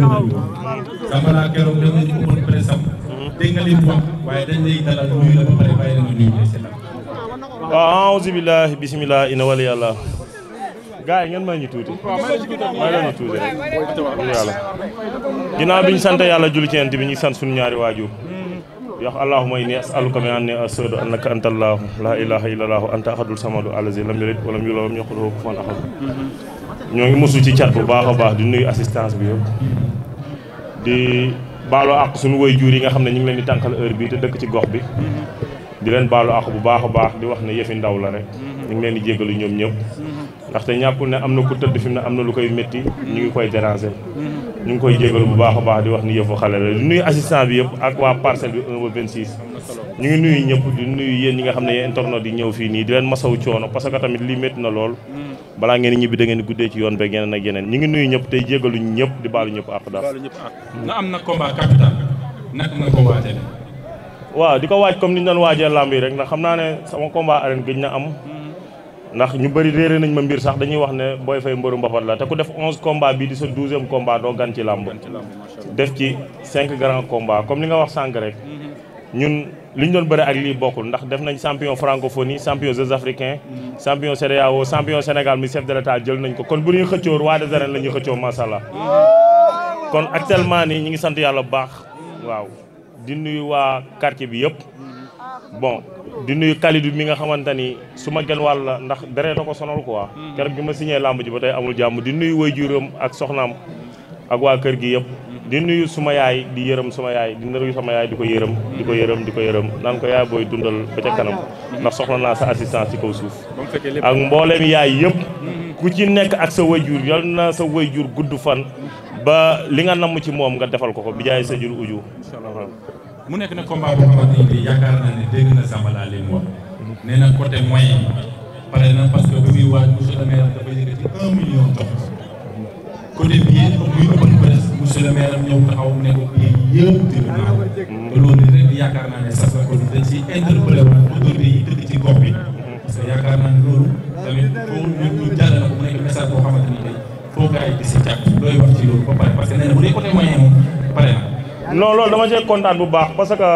dama laa keroog dama ñu ko mën gaay ngeen may tuuti may leen tuuti rek bi ñu sant yàlla julli ci yent bi ñu sant suñu ñaari waajur yox allahuma inni as'aluka bi anni ashhadu annaka anta allahu la ilaha illa allahu anta ahadul samadu allazi lam yalid walam yulad walam yakul lahu kufuwan ahad ñoo ngi mosul ci cat bu baax a baax di nuyu assistance bi yëpp di baaloo àq suñu woy juur yi nga xam ne ñu ngi leen di tànkal heure bi te dëkk ci gox bi di leen baalu àq bu baax a baax di wax ne yëfi ndaw la rek mhm. ñu ngi leen di jéggalu ñoom ñëpp mhm. ndaxte ñàkkul ne am na ku tëdd fi mu ne am na lu koy métti ñu ngi koy déranger mhm. ñu ngi koy jéggalu bu a baax di wax ni yëfu xale la di nuyu yëpp ak waa parcelle bi 1 ba 26 ñu ngi ñi nga xam ne yéen internautes ñëw fii nii di leen masaw coono parce que tamit lii métti na lool balaa ngeen ñibbi da ngeen guddee ci yoon beeg yeneen ak yeneen ngi nuyu ñëpp tey jéggaluñ ñëpp di baalu ñëpp àq daal nga am na combat capital waaw di ko waaj comme ni ñu doon waajee làmb yi rek ndax xam naa ne sama combat arène gëj na am ndax ñu bëri réeré nañ ma mbir sax dañuy wax ne booy fa mbëru mbapat la te ku def onze combat bi di sa douzième combat doo gan ci làmb def ci cinq grands combats comme ni nga wax sànq rek ñun li ñu doon bëri ak lii bokkul ndax def nañ champion francophonie champion des africains champion CEDEAO champion Sénégal mi chef de l'état jël nañ ko kon bu ñuy xëccoo roi des arènes la ñuy xëccoo masha Allah kon actuellement ngi sant yàlla bu baax waaw di nuyu waa quartier bi yëpp bon di nuyu Kalidou mi nga xamante ni su ma gën la ndax deret ko sonal ko hmm. keroog bi ma signé làmb ji ba tey amul jàmm di nuyu waajuram ak soxnaam ak waa kër gi yëpp. di nuyu suma yaay di yërëm suma yaay di nuyu sama yaay di ko yërëm. di ko yërëm di ko yërëm naan ko yaay booy dundal ba ca kanam hmm. ndax soxla naa sa assistance ci kaw suuf. ak mbooleem yaay yëpp. Hmm. ku ci nekk ak sa waajur yal na sa waajur gudd fan. ba li nga namm ci moom nga defal ko ko bi jaay sa jur uju mu nekk na combat boo xamante ni yaakaar naa ne dégg na Sambala li mu wax nee na côté moyen pare na parce que bu muy waaj monsieur le maire dafa yëkkati un million jox côté bii muy open press monsieur le maire ñëw ne ko bii yëpp dégg naa ko te loolu rek yaakaar naa ne sax ko dañ ci interpellé woon autorité yi dëkk ci gox parce que yaakaar naa ne loolu tamit foofu ñu jàll na ko mu nekk message boo xamante ni tey foo gars yi di loolu parce que bu dee dama cee kontaan bu baax parce que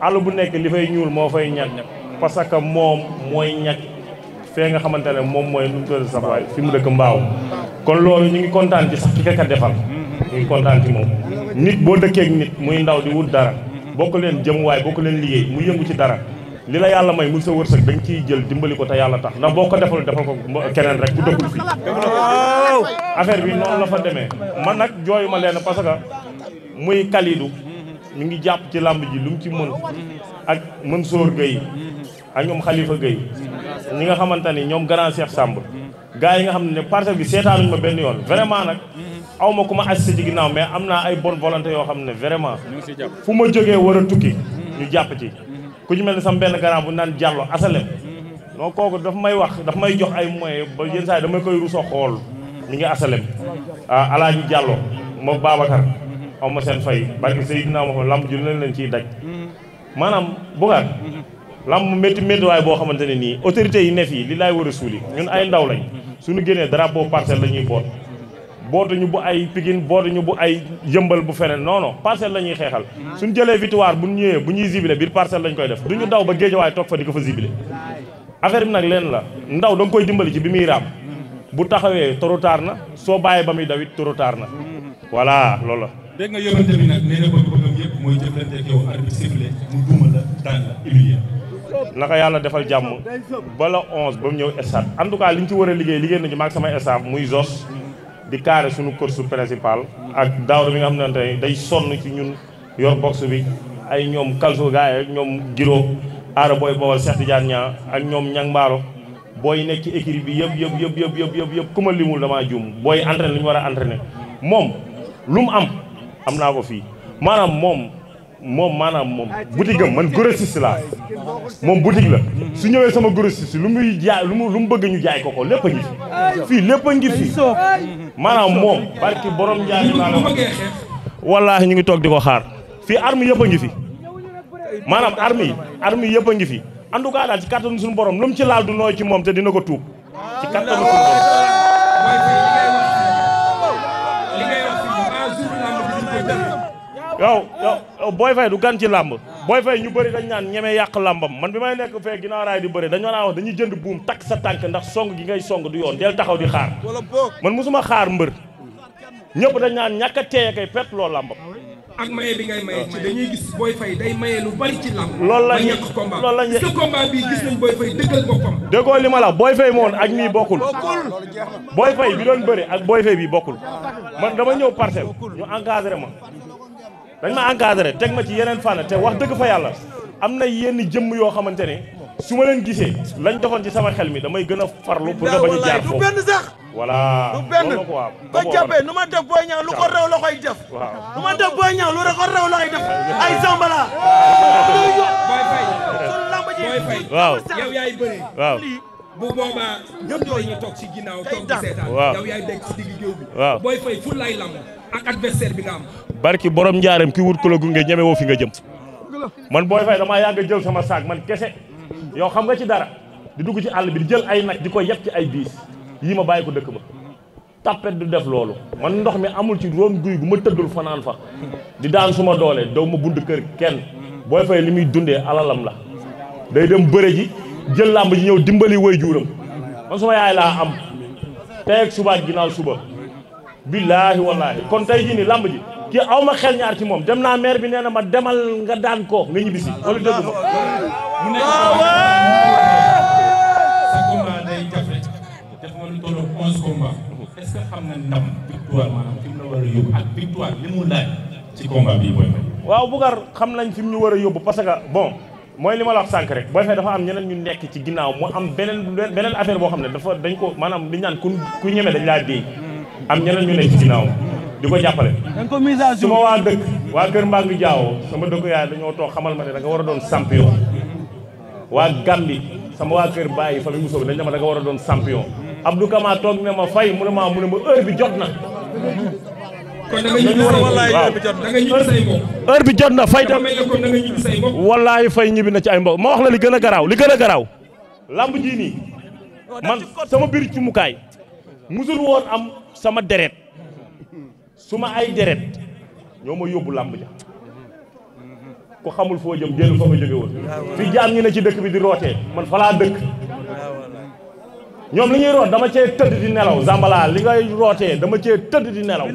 àll bu nekk li fay ñuul moo fay ñàkk. parce que moom mooy ñàkk fee nga xamante ne moom mooy lu mu tëdd sax waaye fi mu dëkk mbaaw kon loolu ñu ngi kontaan ci sax ki ka defal. ñu ngi kontaan si moom. nit boo dëkkee nit muy ndaw di wut dara. bokk leen jëm waaye bokk leen liggéey mu yëngu ci dara. li la yàlla may muy sa wërsëg da nga ciy jël dimbali ko te yàlla tax ndax boo ko defal defal ko keneen rek bu dëkkul fii waaw affaire bi noonu la fa demee man nag jooyuma ma leen parce que muy Kalidou mi ngi jàpp ci làmb ji lu mu ci mën ak Mansour Gueye ak ñoom xalifa Khalifa Gueye ñi nga xamante ni ñoom grand chef Samb gars yi nga xam ne parcelle bi seetaanuñ ma benn yoon vraiment nag aw ma ku ma assisté ci ginnaaw mais am naa ay bonne volonté yoo xam ne vraiment fu ma jógee war a ñu jàpp ci ku ci mel ne sama benn garant bu naan jàllo asalem non mm-hmm. kooku daf may wax daf may jox ay moyens ba yenn saa yi damay koy ruso xool mm-hmm. mi ngi asalem ah alaaji jàllo moom Babacar mm-hmm. aw ma seen fay barke Seydina Muhammad lamb ju leen leen ciy daj maanaam bugaar lamb métti métti waaye boo xamante ne nii autorités yi ne fii li laay war a suuli ñun ay ndaw lañ suñu génnee drapeau parcelle la ñuy boot bootuñu bu ay Pikine bootuñu bu ay yëmbal bu feneen non non parcelle la ñuy xeexal suñ jëlee victoire bu ñëwee bu ñuy zibilé biir parcelle lañ koy def duñu daw ba géejawaay toog fa di ko fa zibilé affaire bi nag leen la ndaw da koy dimbali ci bi muy raam bu taxawee trop na soo bàyyee ba muy dawit trop tard na voilà loolu la dégg nga yëngal tamit nag na bëgg-bëggam yàlla defal jàmm bala onze ba mu ñëw stade en li ñu ci war a liggéey liggéey nañu maag sama staff muy zos di carré suñu course principal ak daaw bi nga xam ne tey day sonn ci ñun yor box bi ay ñoom kalso gaay ak ñoom giroo aara booy bawal Cheikh Tidiane ñaa ak ñoom ñang mbaalo booy nekk ci écrit bi yëpp yëpp yëpp yëpp yëpp yëpp yëpp ku ma limul damaa booy entraîné li ñu war a entraîné moom lu am am naa ko fii maanaam moom moom maanaam moom ah, boutique am man grossiste laa moom boutique la su ñëwee sama grossiste lu muy jaay lu mu lu bëgg ñu jaay ko ko lépp ngi fi fii lépp a ngi fi maanaam moom barki borom njaay laa la wallaahi ñu ngi toog di ko xaar fii armi yëpp a ngi fi maanaam arme yi arme yëpp a ngi fi en tout cas daal ci kattanu suñu borom lu ci laal du nooy ci moom te dina ko tuub ci kattanu suñu borom yow yow Boy Faye du gan ci làmb Boy Faye ñu bëri dañ naan ñemee yàq làmbam man bi may nekk fee ginnaaw raay di bëri dañoo naan wax dañuy jënd buum takk sa tànk ndax song gi ngay song du yoon del taxaw di xaar man musuma xaar mbër ñëpp dañ naan ñakk a teeye kay perte loo làmbam ak maye bi ngay maye dañuy gis Boy Faye day maye lu bari ci làmb loolu la loolu la ñàkk combat bi li ma la fay Faye moom ak nii bokkul booy Faye bi doon bëri ak Boy Faye bi bokkul man dama ñëw parcelle ñu encadré ma dañ ma encadré teg ma ci yeneen fànn te wax dëgg fa yàlla am na yenn jëmm yoo xamante ne su ma leen gisee lañ doxoon ci sama xel mi damay gën a farlu pour nga bañ a jaar foofu ba jàppee nu ma def booy ñaaw lu ko raw la koy def nu ma def booy ñaaw lu ko raw la koy def ay zambala waaw booy fay fu lay lamb ak adversaire am. barki borom njaaram ki wut ku la gunge ñeme woo fi nga jëm. man booy fay dama yàgg jël sama saak man kese. yow xam nga ci dara. di dugg ci àll bi di jël ay nag di ko yeb ci ay biis yii ma bàyyi ko dëkk ba. tapet du def loolu. man ndox mi amul ci ron guy gu ma tëddul fanaan fa. di daan suma doole daw ma bunt kër kenn. booy fay li muy dundee alalam la. day dem bëre ji jël làmb ji ñëw dimbali way juuram man suma yaay laa am. tey ak suba ak suba. billaahi wallaahi kon tey jii nii làmb ji kii aw ma xel ñaar ci moom dem naa maire bi nee na ma demal nga daan ko nga ñibbisi wala dégg ma mu nekk ah, sa combat a yóbbu li mu laaj ci combat bi booy waaw Bougar xam nañ fi mu war a yóbbu parce que bon mooy li ma la wax sànq rek booy fay dafa am ñeneen ñu nekk ci ginnaaw mu am beneen beneen affaire boo xam ne dafa dañ ko maanaam li ñu naan ku ñeme dañ laa déy am ñeneen ñu ne ci ginnaaw di ko jàppale su ma waa dëkk waa kër mbaa ngi jaawoo sama dëkk yaay dañoo toog xamal ma ne da nga war a doon champion waa Gàmbi sama waa kër bàyyi famille Moussa bi dañ ne ma da nga war a doon champion Abdou Kama toog ne ma fay mu ne ma mu ne ma heure bi jot na kon da bi jot na da nga ñibbi say mbokk na ñibbi say mbokk wallaay fay ñibbi na ci ay mbokk ma wax la li gën a garaaw li gën a garaaw lamb jii nii man sama biir ci musul woon sama deret su ma ay deret ñoo ma yóbbu làmb ja ku xamul foo jëm génn fa ma jóge woon fi jaam ñi ci dëkk bi di rootee man falaa dëkk ñoom li ñuy root dama cee tëdd di nelaw zambala li ngay rootee dama cee tëdd di nelaw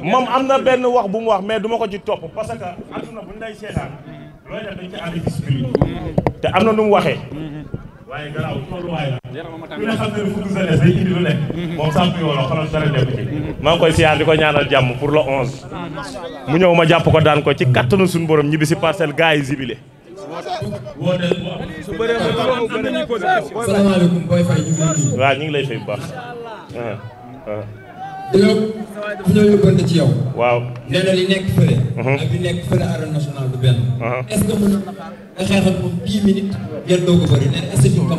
moom am na benn wax bu mu wax mais duma ko ci topp parce que bu ñu lay te am na nu mu waxee waaye garaaw tolluwaay la ku ne maa ngi koy siyaar di ko ñaanal jàmm pour le onze mu ñëw ma jàpp ko daan ko ci kattanu suñu boroom ñibbi si parcelle gars yi zibile salaamaaleykum booy ñu ngi lay waaw fay bu baax di waaw nee na li mhm.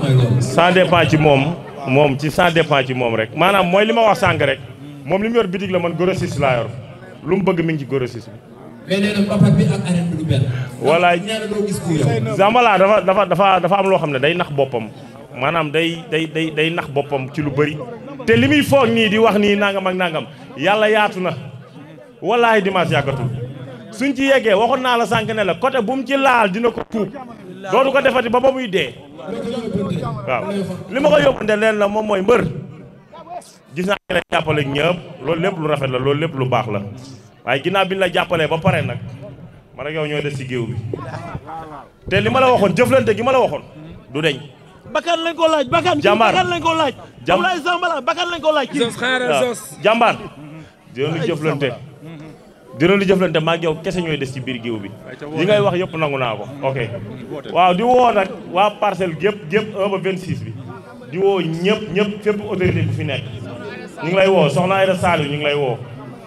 mhm. moom ci moom moom ci ça dépend ci moom rek maanaam mooy li ma wax sànq rek moom li mu yor bitig la man grossiste laa lu mu bëgg mi ci grossiste bi. mais dafa dafa dafa am loo xam ne day nax boppam maanaam day day day day nax boppam ci lu bari te li muy foog nii di wax nii nangam ak nangam yàlla yaatu na wallaahi dimanche yàggatul suñ ci yeggee waxoon naa la sànq ne la côté bu mu ci laal dina ko tuub du ko defati ba ba muy dee waaw li ma ko yóbbante leen la moom mooy mbër gis naa ne jàppale ñëpp loolu lépp lu rafet la loolu lépp lu baax la waaye ginnaaw bi ñu la jàppalee ba pare nag man ak yow ñoo des ci géew bi te li ma la waxoon jëflante gi ma la waxoon du deñ bakkan lañ ko laaj bakkan. jàmbaar bakkan lañ ko laaj. jàmb Abdoulaye Zambala bakkan lañ ko laaj. kii waaw ah, jàmbaar. dinañu jëflante dinañu jëflante maa ngi yow kese ñooy des si biir géew bi. yi ngay wax yëpp nangu naa ko ok. waaw di woo nag waa parcelle gépp gépp 1 ba 26 bi. di woo ñëpp ñëpp fépp autorité bu fi nekk. ñu ngi lay woo soxna Aïda Saliou ñu ngi lay woo.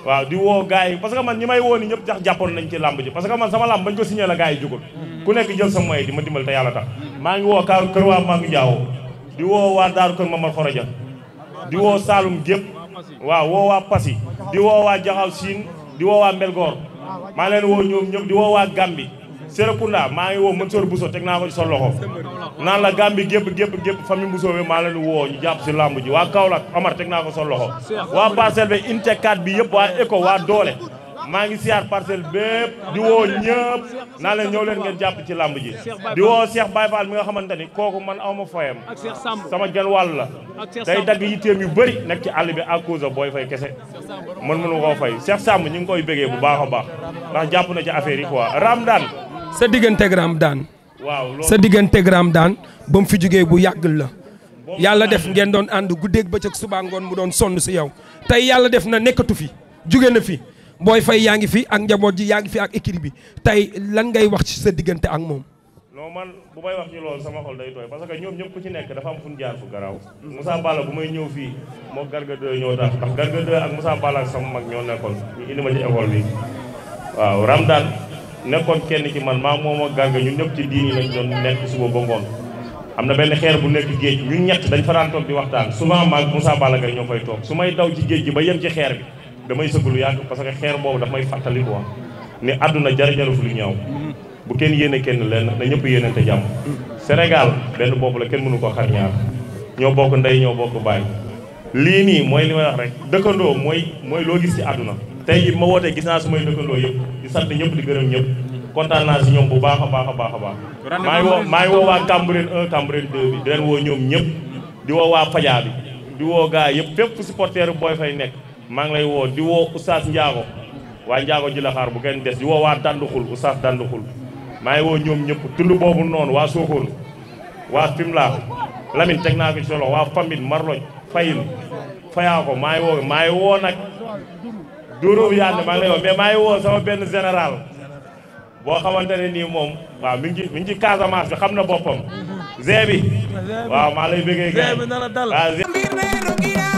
waaw di woo gars yi parce que man ñi may woo ñëpp jax jàppoon nañ ci làmb ji parce que man sama làmb bañ ko signé la gars yi jugul ku nekk jël sa moyen di ma dimbal te yàlla tax maa ngi woo kaaru kër waa Mangu Njaaw di woo waa Daaru Kër Mamar Xoroja di woo Saalum gépp waaw woo waa Passy di woo waa Jaxaw Siin di woo waa Mbelgoor maa leen woo ñoom ñëpp di woo waa Gambi Serekunda maa ngi woo Mansour Bousso teg naa ko ci sa loxo naan la Gambi gépp gépp gépp famille Bousso bi maa leen woo ñu jàpp ci ji waa Kaolack Amar teg naa ko waa parcelle bi inte 4 bi yëpp waa ECHO waa doole maa ngi siyaar parcelle bépp di woo ñëpp naa leen ñëw leen ngeen jàpp ci làmb ji di woo Cheikh Baye Fall mi nga xamante kooku man aw ma fayam sama gen wàll la day dagg yitteem yu bëri nekk ci àll bi à cause booy fay kese mën mënu koo fay Cheikh Samb ñu ngi koy bégee bu baax a baax ndax jàpp na ci affaire yi quoi Ram Daan sa digganteeg Ram Daan waaw sa digganteeg Ram Daan ba mu fi jógee bu yàgg la yàlla def ngeen doon ànd guddeeg bëccëg subaa ngoon mu doon sonn si yow tey yàlla def na nekkatu fi jóge na fi booy fay yaa ngi fi ak njaboot ji yaa ngi fi ak équipe bi tey lan ngay wax ci sa diggante ak moom. non man bu may wax ci lool sama xol day tooy parce que ñoom ñëpp ku ci nekk dafa am fu ñu jaar fu garaaw. Moussa Balla bu may ñëw fii moo Garga 2 ñoo tax Garga 2 ak Moussa Balla ak sama mag ñoo nekkoon ñu indi ma ci école bi waaw Ramdan nekkoon kenn ci man maam moom ak Garga ñu ñëpp ci diini lañ doon nekk suba ba ngoon. am na benn xeer bu nekk géej ñun ñett dañ fa daan toog di waxtaan souvent maag Moussa Balla Gaye ñoo fay toog su may daw ci géej gi ba yem ci xeer bi damay sëgg lu yàgg parce que xeer boobu daf may fàttali ni àdduna jariñalu fi lu ñaaw bu kenn yéene kenn leen na ñëpp yéenante jàmm. senegal benn boobu la kenn mënu koo xar ñaar ñoo bokk ndey ñoo bokk baay lii nii mooy li ma wax rek dëkkandoo mooy mooy loo si ci te tey ma woote gis naa su may dëkkandoo yëpp di sant ñëpp di gërëm ñëpp kontaan naa si ñoom bu baax a baax a baax a baax. maa woo maa ngi woo waa Cambérène 1 Cambérène 2 bi di woo ñoom ñëpp di woo waa Fadja bi woo gaa yëpp fépp supporter booy fay nekk. maa ngi lay woo di woo Oustaz Ndiago waa Ndiago Jilaxaar bu kenn des di woo waa Danduxul Oustaz Danduxul maa ngi woo ñoom ñëpp tund boobu noonu waa Sokone waa Fimela Lamine teg naa ko ci solo waa Famine Marloj Fayil fayaa maa ngi woo maa ngi woo nag duuróobu yaann maa ngi lay woo sama benn général boo xamante ne nii moom waaw mi ngi Casamance bi xam na boppam zee bi maa lay bëggee gars yi